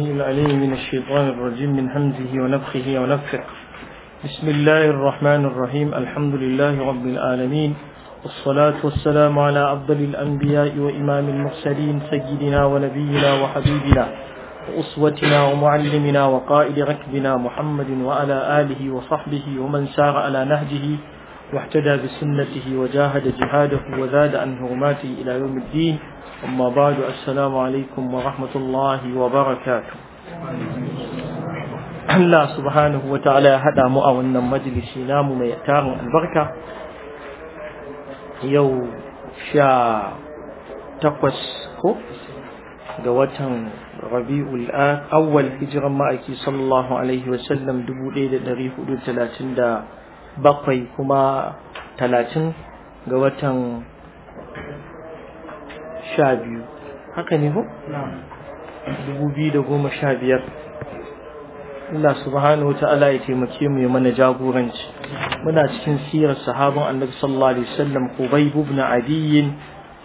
العليم من الشيطان الرجيم من همزه ونفخه ونفخه بسم الله الرحمن الرحيم الحمد لله رب العالمين والصلاة والسلام على أفضل الأنبياء وإمام المرسلين سيدنا ونبينا وحبيبنا وأسوتنا ومعلمنا وقائد ركبنا محمد وعلى آله وصحبه ومن سار على نهجه واحتدى بسنته وجاهد جهاده وزاد عن هرماته إلى يوم الدين أما بعد السلام عليكم ورحمة الله وبركاته Allah subhanahu wa ta'ala ya haɗa mu a wannan majalisi namu mai tarin albarka yau sha takwas ko ga watan rabi'ul awwal hijiran ma'aiki sallallahu alaihi wasallam 1437 bakwai kuma talatin ga watan sha biyu haka ne ho? dubu biyu da goma sha biyar Ina subhanahu wata ta'ala ya taimake mu ya mana jagoranci muna cikin sirar sahabin annabi sallallahu alaihi wasallam Qubayb ibn Adi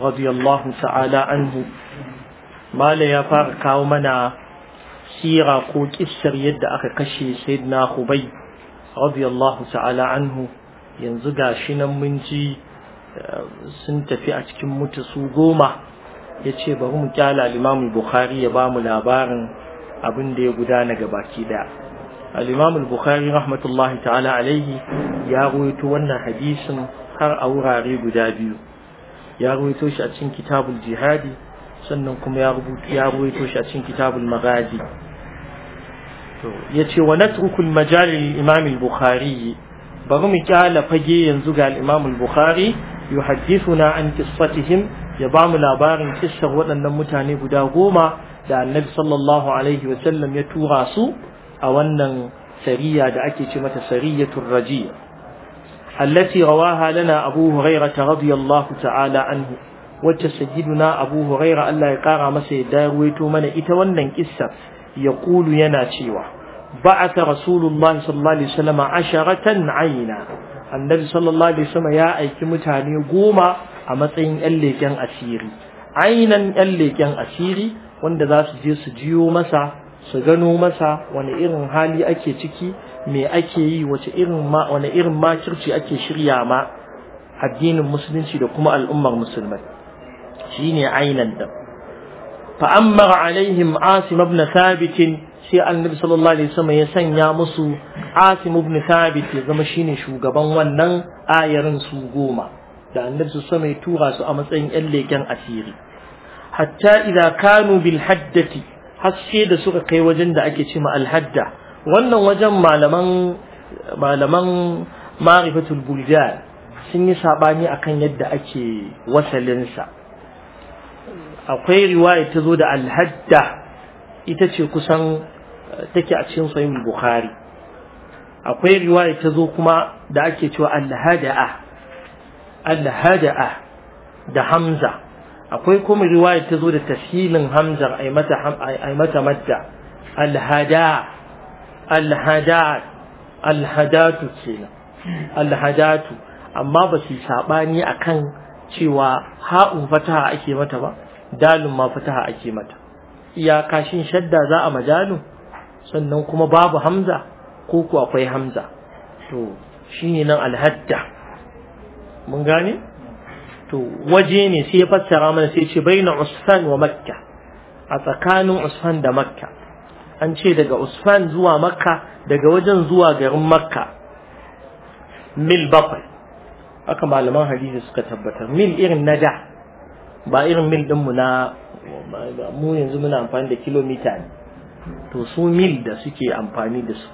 radiyallahu ta'ala anhu mala ya fara kawo mana sira ko kissar yadda aka kashe sayyidina Hubai. radiyallahu ta'ala anhu yanzu shi nan mun ji eh, sun tafi a cikin mutu su goma ya ce bari mu kyala limamu bukhari ya ba mu labarin abin da ya gudana gabaki da al-imam bukhari rahmatullahi ta'ala alaihi ya ruwaito wannan hadisin har a wurare guda biyu ya ruwaito shi a cikin kitabul jihadi sannan kuma ya ruwaito shi a cikin kitabul magazi yace wa natruku al-majal lil-imam al-bukhari bari mu kyala fage yanzu ga al-imam al-bukhari yuhaddithuna an qissatihim ya ba mu labarin kissar waɗannan mutane guda goma da annabi sallallahu alaihi wa sallam ya tura su a wannan sariya da ake ce mata sariyatul rajiya allati rawaha lana abu hurairah radiyallahu ta'ala anhu wacce sayyiduna abu huraira Allah ya kara masa ya ruwaito mana ita wannan kissa ya kulu yana cewa ba'ata rasulullahi sallallahu alaihi wasallam asharatan aina annabi sallallahu ya aiki mutane goma a matsayin yan leken asiri ainan yan leken asiri wanda za su je su jiyo masa su gano masa wani irin hali ake ciki me ake yi wace irin wani irin makirci ake shirya ma addinin musulunci da kuma al'ummar musulmai shine ainan da fa amma alaihim asim ibn thabit sai annabi sallallahu alaihi wasallam ya sanya musu Asim ibn Thabit ya zama shine shugaban wannan ayarin su goma da annabi sallallahu ya tura su a matsayin yan leken asiri hatta idza kanu bil haddati haske da suka kai wajen da ake cewa al hadda wannan wajen malaman malaman ma'rifatul buljan sun yi sabani akan yadda ake wasalinsa akwai riwaya ta zo da al hadda ita ce kusan take a cikin sahih bukhari akwai riwaya ta zo kuma da ake cewa al-hada'a al-hada'a da hamza akwai kuma riwaya ta zo da tashilin hamzar ai mata ai mata madda al-hada al hadatu kenan al-hadatu amma ba su sabani akan cewa ha'un fataha ake mata ba dalun ma fataha ake mata iyakashin shadda za a majalu sannan kuma babu hamza ko ku akwai hamza to shi ne nan alhadda mun gane to waje ne sai ya fassara mana sai ce baina usfan wa makka a tsakanin usfan da makka an ce daga usfan zuwa makka daga wajen zuwa garin makka mil bakwai Aka malaman hadisi suka tabbatar mil irin na da ba irin mil dinmu na mu yanzu muna amfani da kilomita ne to su mil da suke amfani da su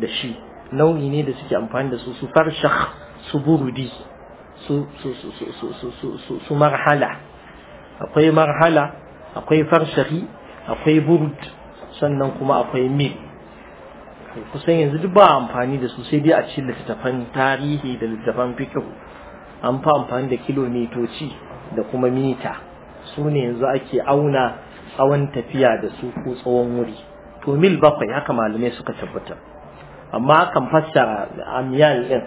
da shi nau'i ne da suke amfani da su su farshakh su burudi su marhala akwai marhala akwai farshakhi akwai burud sannan kuma akwai mil kusan yanzu duk ba amfani da su sai dai a cikin littattafan tarihi da littattafan fikihu an fi amfani da kilomitoci da kuma mita su ne yanzu ake auna tsawon tafiya da su ko tsawon wuri to mil bakwai haka malamai suka tabbatar amma akan fassara amyal din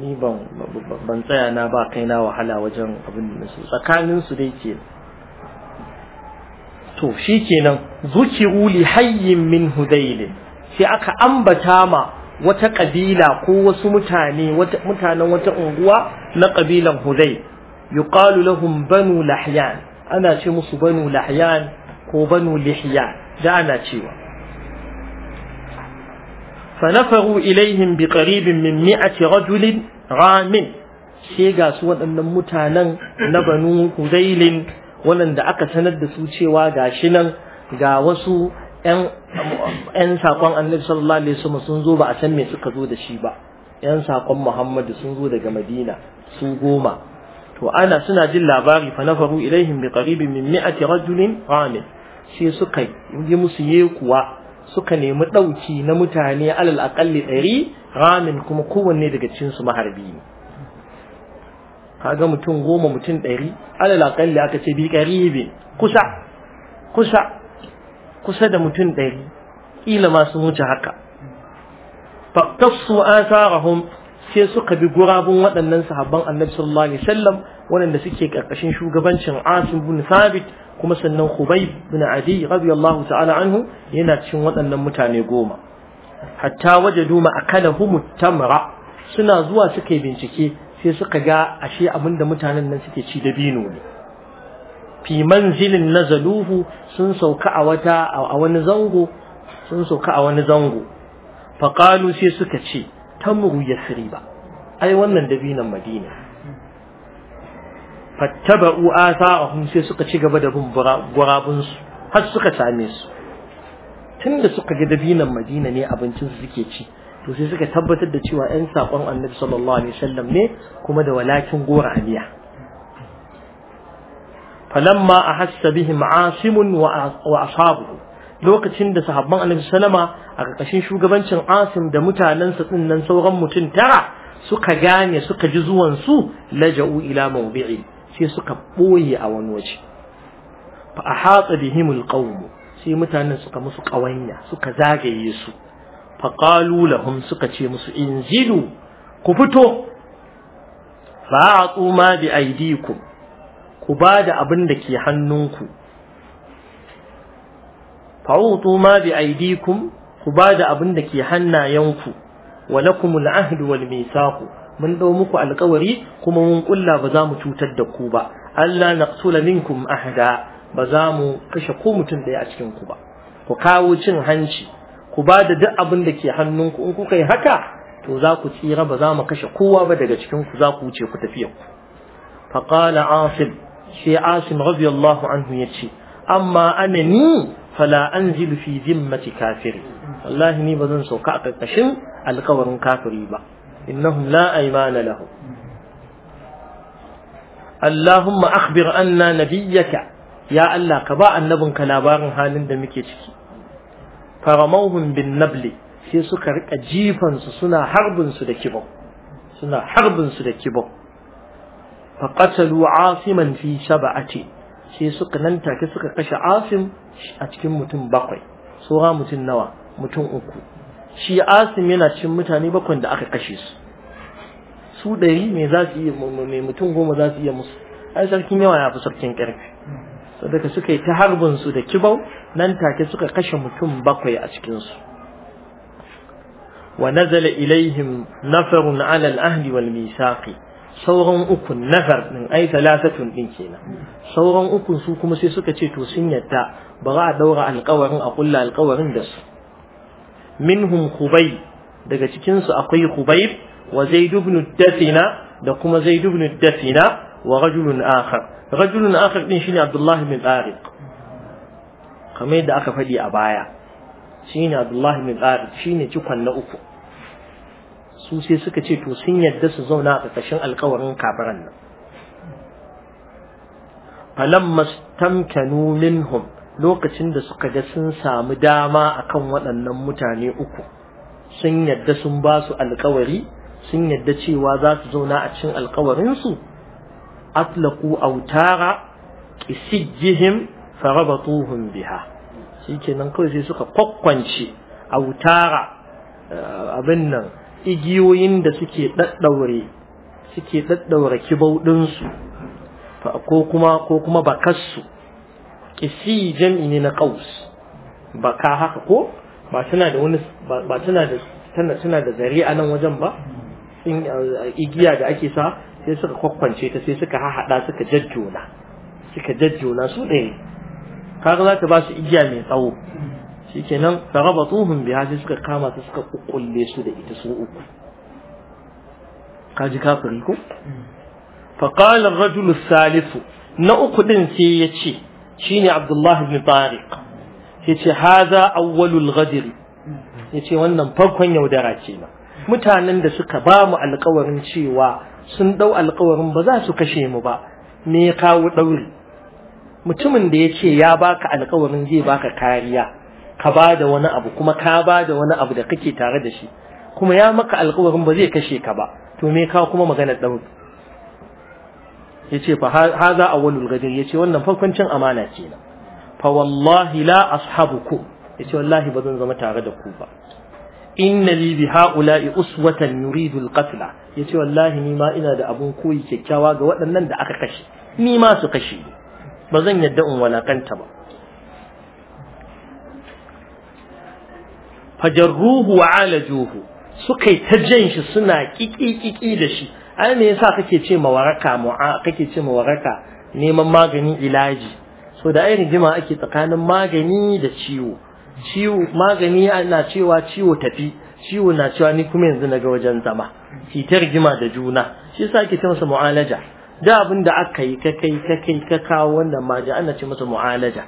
ni ban ban tsaya na ba kai na wahala wajen abin da su tsakanin su dai ke to shikenan zuki li hayyin min hudailin sai aka ambata ma wata kabila ko wasu mutane wata mutanen wata unguwa na kabilan hudai yuqalu lahum banu lahyan ana ce musu banu lahyan ko banu Lihya, da ana cewa فنفروا إليهم بقريب من مئة رجل ramin sai ga su waɗannan mutanen na banu huzailin waɗanda aka sanar da su cewa ga shi nan ga wasu ‘yan saƙon annabi sallallahu alaihi wasallam sun zo ba a san me suka zo da shi ba ‘yan saƙon muhammadu sun zo daga madina su goma to ana suna jin labari fa nafaru ilaihim bi qaribin min mi'ati rajulin ramin sai suka yi musu yekuwa suka nemi ɗauki na mutane alal aƙalli ɗari ramin kuma kowanne daga su maharbi ne kaga mutum goma mutum ɗari alal aƙalli aka ce bi ƙaribi kusa kusa kusa da mutum ɗari ƙila ma sun wuce haka faktassu sarahun sai suka bi gurabun waɗannan sahabban annabi sallallahu alaihi wasallam waɗanda suke ƙarƙashin shugabancin asim bin sabit kuma sannan hubai bin adi allahu ta'ala anhu yana cikin waɗannan mutane goma hatta waje duma a ma'akalahum tamra suna zuwa suka yi bincike sai suka ga ashe abinda mutanen nan suke ci dabino ne fi manzilin zaluhu sun sauka a wata a wani zango sun sauka a wani zango sai suka ce tamru yasriba ai wannan dabinan madina fattaba'u asa'ahum sai suka ci gaba da bin gurabun su har suka same su tunda suka ga dabinan Madina ne abincin su suke ci to sai suka tabbatar da cewa ƴan saƙon Annabi sallallahu alaihi wasallam ne kuma da walakin gora aliya falamma ahassa bihim asimun wa ashabuhu lokacin da sahabban Annabi sallama a ƙarƙashin shugabancin Asim da mutanensa ɗin nan sauran mutum tara suka gane suka ji zuwan su laja'u ila mawdi'i sai suka ɓoye a wani waje fa ahata bihimul qawm sai mutanen suka musu ƙawanya suka zagaye su fa qalu lahum suka ce musu inzilu ku fito fa a ma bi aydikum ku ba da abin da ke hannunku a ma da aidikum ku ba da abin da ke hannayenku wa lakumul ahdu wal mithaqu mun ɗau muku alƙawari kuma mun kulla ba za mu cutar da ku ba Allah naqtula minkum ahada ba za mu kashe ko mutum ɗaya a cikin ku ba ku kawo cin hanci ku ba da duk abin da ke hannunku in kuka yi haka to za ku tsira ba za mu kashe kowa ba daga cikin ku za ku wuce ku tafiya ku fa qala asim sai asim radiyallahu anhu yace amma ana ni fala anzilu fi zimmati kafiri wallahi ni bazan sauka a karkashin alkawarin kafiri ba إنهم لا أيمان لهم اللهم أخبر أن نبيك يا الله كبا النبنك لابار حال دمكيك فرموهم بالنبل sai suka rika jifansu suna harbinsu da kibau suna harbinsu da kibau faƙatalu asiman fi saba'ati sai suka nan take suka kashe asim a cikin mutum bakwai sura mutum nawa mutum uku shi asim yana cikin mutane bakwai da aka kashe su su ɗari me za su iya mai mutum goma za su iya musu ai sarkin yawa ya fi sarkin ƙarfi sadaka suka yi ta harbin su da kibau nan take suka kashe mutum bakwai a cikin su wa nazala ilaihim nafarun ala al-ahli wal misaqi sauran ukun nafar din ai talatatun din kenan sauran ukun su kuma sai suka ce to sun yadda ba za a ɗaura alƙawarin a kulla alƙawarin da su minhum khubay daga cikinsu akwai khubayb wa zaid ibn dafina da kuma zaid ibn dafina wa rajulun akhar rajulun akhar din shine abdullahi bin tariq kamar yadda aka faɗi a baya shine abdullahi bin tariq shine cikon na uku su sai suka ce to sun yadda su zauna a ƙarƙashin alƙawarin kafiran nan lokacin da suka ga sun samu dama akan waɗannan mutane uku sun yadda sun ba su alkawari. sun yadda cewa za su zauna a cikin alkawarinsu atlaqu autara qisijihim farabatuhum biha nan, kawai sai suka kwakkwance autara eh, abin nan igiyoyin da suke daddaure suke daddaure kibaudin su ko kuma ko kuma bakassu qisi jam'i ne na qaus baka haka ko ba tana da wani ba tana da tana da zari'a a nan wajen ba Eh, igiya da ake sa sai suka kwakwance ta sai suka hahada suka jajjona suka jajjona su ɗaya kaga za ta ba su igiya mai tsawo shikenan raba tsohon biha sai suka kama ta suka kukkulle su da ita su uku kaji kafiri ko fa qala ar-rajulu salisu na uku din sai ya ce shine Abdullahi ibn Tariq yace hadha awwalul Ya ce wannan farkon yaudara kenan mutanen da suka ba mu alkawarin cewa sun dau alkawarin ba za su kashe mu ba me ya kawo ɗauri mutumin da ya ce ya baka alkawarin zai baka kariya ka ba da wani abu kuma ka ba da wani abu da kake tare da shi kuma ya maka alkawarin ba zai kashe ka ba to me kawo kuma magana ɗauri ya ce fa haza awwalul gadir ya ce wannan farkon amana kenan fa wallahi la ashabukum ya ce wallahi ba zan zama tare da ku ba inna li bi haula'i uswatan yuridu al-qatla yace wallahi ni ma ina da abun koyi kyakkyawa ga waɗannan da aka kashe ni ma su kashe ba zan yadda in walakanta ba fajarruhu wa alajuhu suka yi ta jan shi suna kiki da shi ai me yasa kake ce ma waraka mu'a kake ce ma neman magani ilaji so da ai rigima ake tsakanin magani da ciwo ciwo magani na cewa ciwo tafi ciwo na cewa ni kuma yanzu na ga wajen zama ki ta da juna shi yasa ake ta masa mu'alaja da abin da aka yi ka kai ka kai ka kawo wannan maji ana ce masa mu'alaja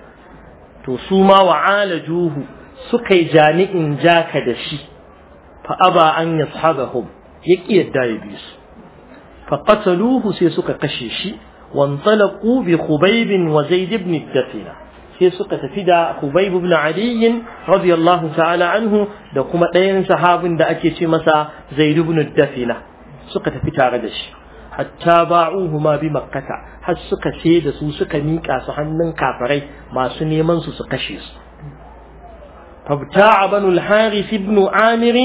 to su ma wa'alajuhu suka yi jami'in jaka da shi fa aba an yashabahum ya ki yadda ya bi su fa qataluhu sai suka kashe shi khubayb wa zaid ibn dafina. sai suka tafi da Hubayb ibn Ali radiyallahu ta'ala anhu da kuma ɗayan sahabin da ake ce masa Zaid ibn Dafila suka tafi tare da shi hatta ba'uhu ma bi makkata har suka ce da su suka miƙa su hannun kafirai masu neman su su kashe su fabta'a banu al-Harith ibn Amir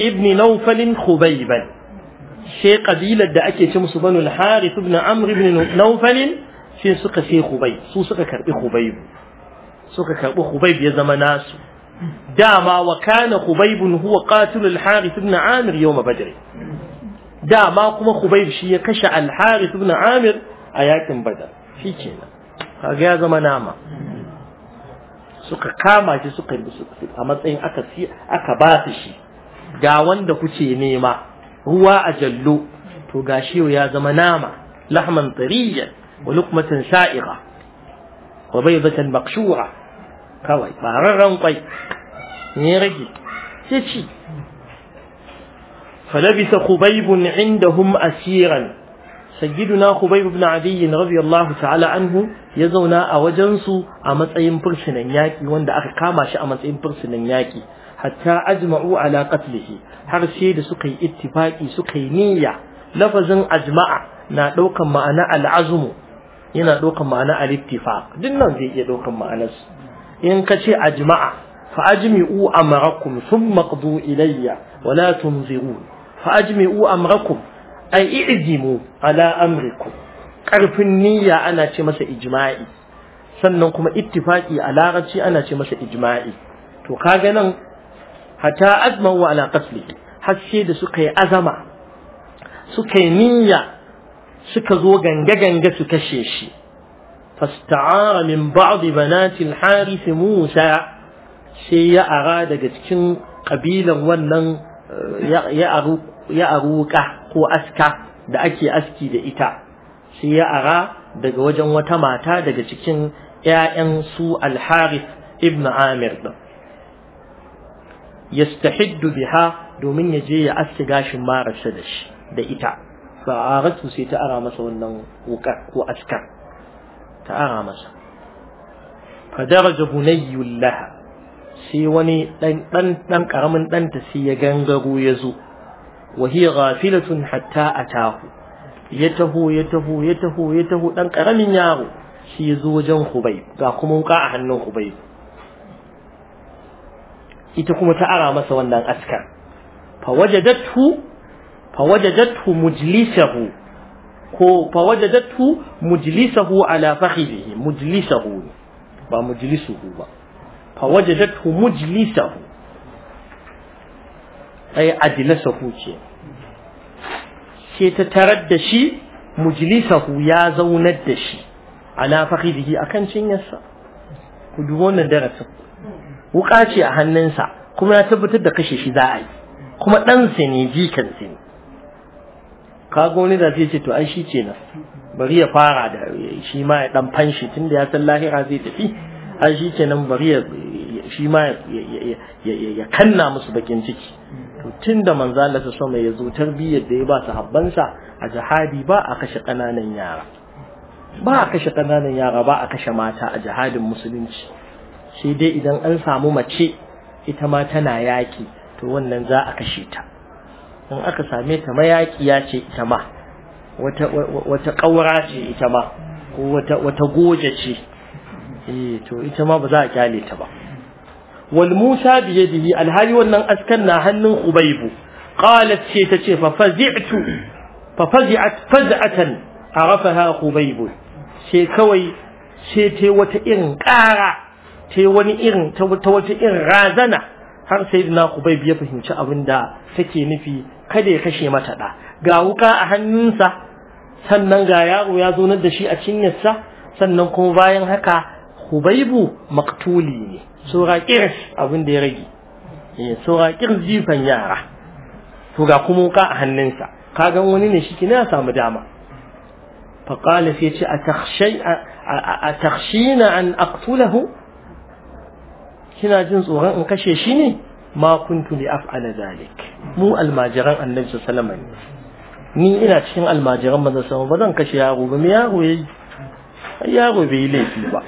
ibn Nawfal Hubayban sai kabilar da ake ce musu banu al-Harith ibn Amr ibn Nawfal sai suka sai Hubayb su suka karbi Hubayb suka karbi Hubayb ya zama nasu dama wa kana Hubayb huwa qatil harith ibn Amir yawm Badr dama kuma Hubayb shi ya kashe al-Harith ibn Amir a yakin badar. shikenan kaga ya zama nama suka kama shi suka a matsayin aka aka ba su shi ga wanda kuke nema ruwa a jallo to gashi ya zama nama lahman tsariyan wa luqmatin sa'iqa wa baydatan maqshura kawai bararran kwai ne rage sai ci فلبث خبيب عندهم أسيرا سيدنا خبيب بن عدي رضي الله تعالى عنه يزونا أوجنسو أمتأين برسنا ياكي واند أخكاماش أمتأين برسنا ياكي حتى أجمعوا على قتله هرسيد سقي اتفاقي سقي نية لفظا أجمع نا دوكا معنا العزم yana ɗaukan ma'ana a littifa. Duk nan zai iya ɗaukan ma'anarsu in ka ce a jima'a. fa ajmi'u amrakum sun qdu ilayya wa la tunzirun fa ajmi'u amrakum ay i'zimu ala amrikum karfin niyya ana ce masa ijima'i. sannan kuma ittifaqi a larabci ana ce masa ijma'i to kaga nan Hata azmahu ala qasli har da suka yi azama suka yi niyya suka zo ganga-ganga su kashe shi fasta'ara min ba'di banatil harith Musa sai ya ara daga cikin kabilan wannan eh, ya aruka ko aska da ake aski da ita sai ya ara daga wajen wata mata daga cikin 'ya'yan su al-harith ibn amir din yastahiddu biha domin ya je ya aski gashin marasa da shi da ita Ba a fa'aratu sai ta ara masa wannan wukar ko askar ta ara masa Fa fadaraja bunayyul laha sai wani dan dan dan karamin danta sai ya gangaro ya zo wa hiya ghafilatun hatta atahu ya taho ya taho ya taho ya taho dan karamin yaro shi ya zo wajen hubai, ga kuma wuka a hannun hubai. ita kuma ta ara masa wannan askar fa wajadathu fawajajathu mujlisahu ko fawajajathu mujlisahu ala fakhihi mujlisahu ba mujlisuhu ba fawajajathu mujlisahu ai ajlasahu ce sai ta tarar da shi mujlisahu ya zaunar da shi ala fakhihi akan cinyarsa ku dubo wannan darasin wuka ce a hannunsa kuma ya tabbatar da kashe shi za a yi kuma ɗansa ne jikansa ne kaga wani da zai ce to ai shi ce na, bari ya fara da shi ma ya dan fanshi tunda ya san lahira zai tafi ai shi ce nan bari ya shi ma ya kanna musu bakin ciki to tunda manzo Allah sa mai ya zo tarbiyyar da ya ba su habbansa a jihadi ba a kashe kananan yara ba a kashe kananan yara ba a kashe mata a jihadin musulunci sai dai idan an samu mace ita ma tana yaki to wannan za a kashe ta in aka same ta mayaƙiya ce ita ma wata ƙaura ce ita ma ko wata goja ce eh to ita ma ba za a kyale ta ba wal musa biye yadihi alhali wannan askan na hannun Ubaibu. qalat ce ta ce fa fazi'tu fa fazi'at faz'atan arafaha Ubaibu sai kawai sai ta wata irin ƙara ta wani irin ta wata irin razana har ku Kubayb biya fahimci abin da take nufi kada ya kashe mata da ga wuka a hannunsa sannan ga yaro ya zo nan da shi a cinyarsa sannan kuma bayan haka hubaibu maktuli ne sura kirs abin da ya rage eh sura kirs jifan yara to ga kuma wuka a hannunsa ka kagan wani ne shi ki ya samu dama فقال ce a أتخشين an أقتله kina jin tsoron in kashe shi ne ma kuntu bi af'ala zalik mu almajiran annabi sallallahu alaihi ni ina cikin almajiran manzon sallallahu ba zan kashe yaro ba me yaro yayi yaro bai yi laifi ba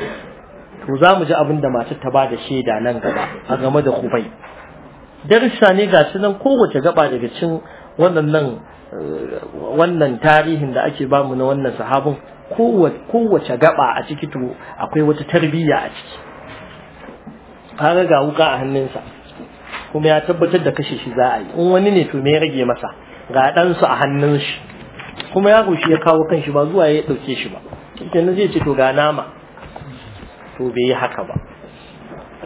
to za mu ji abin da matar ta bada shaida nan gaba a game da kubai darussa ne ga su nan kowace gaba daga cikin wannan wannan tarihin da ake bamu na wannan sahabin kowace gaba a ciki to akwai wata tarbiyya a ciki kaga ga wuka a hannunsa kuma ya tabbatar da kashe shi za a yi in wani ne to me ya rage masa ga ɗansu a hannun shi kuma ya shi ya kawo kan shi ba zuwa ya ɗauke shi ba na zai ce to ga nama to bai yi haka ba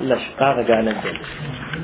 Allah shi ƙara ganar da